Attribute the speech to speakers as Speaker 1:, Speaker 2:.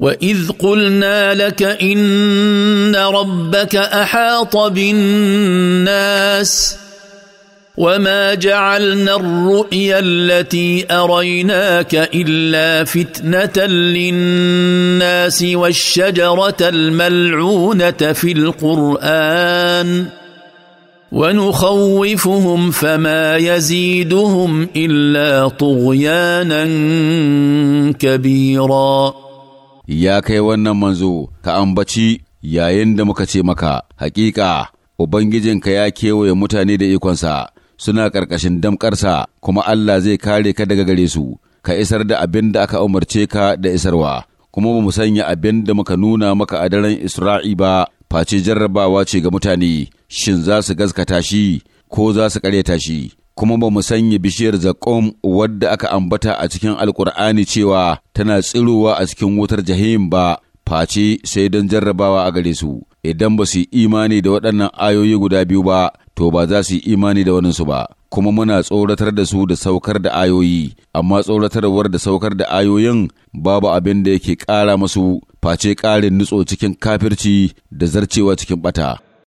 Speaker 1: واذ قلنا لك ان ربك احاط بالناس وما جعلنا الرؤيا التي اريناك الا فتنه للناس والشجره الملعونه في القران ونخوفهم فما يزيدهم الا طغيانا كبيرا
Speaker 2: ya kai wannan manzo ka ambaci yayin da muka ce maka hakika ubangijinka ya kewaye mutane da ikonsa suna ƙarƙashin damƙarsa kuma Allah zai kare ka daga gare su ka isar da abin da aka umarce ka da isarwa kuma ba mu sanya abin da muka nuna maka a daren Isra'i ba face jarrabawa ce ga mutane shin za su gaskata shi ko za su ƙaryata shi kuma ba mu sanya bishiyar zakom wadda aka ambata a cikin alkur'ani cewa tana tsirowa a cikin wutar jahim ba face sai don jarrabawa a gare su idan ba su yi imani da waɗannan ayoyi guda biyu ba to ba za su yi imani da waninsu ba kuma muna tsoratar da su da saukar da ayoyi amma tsoratarwar da saukar da ayoyin babu abin da yake ƙara masu face ƙarin nutso cikin kafirci da zarcewa cikin ɓata.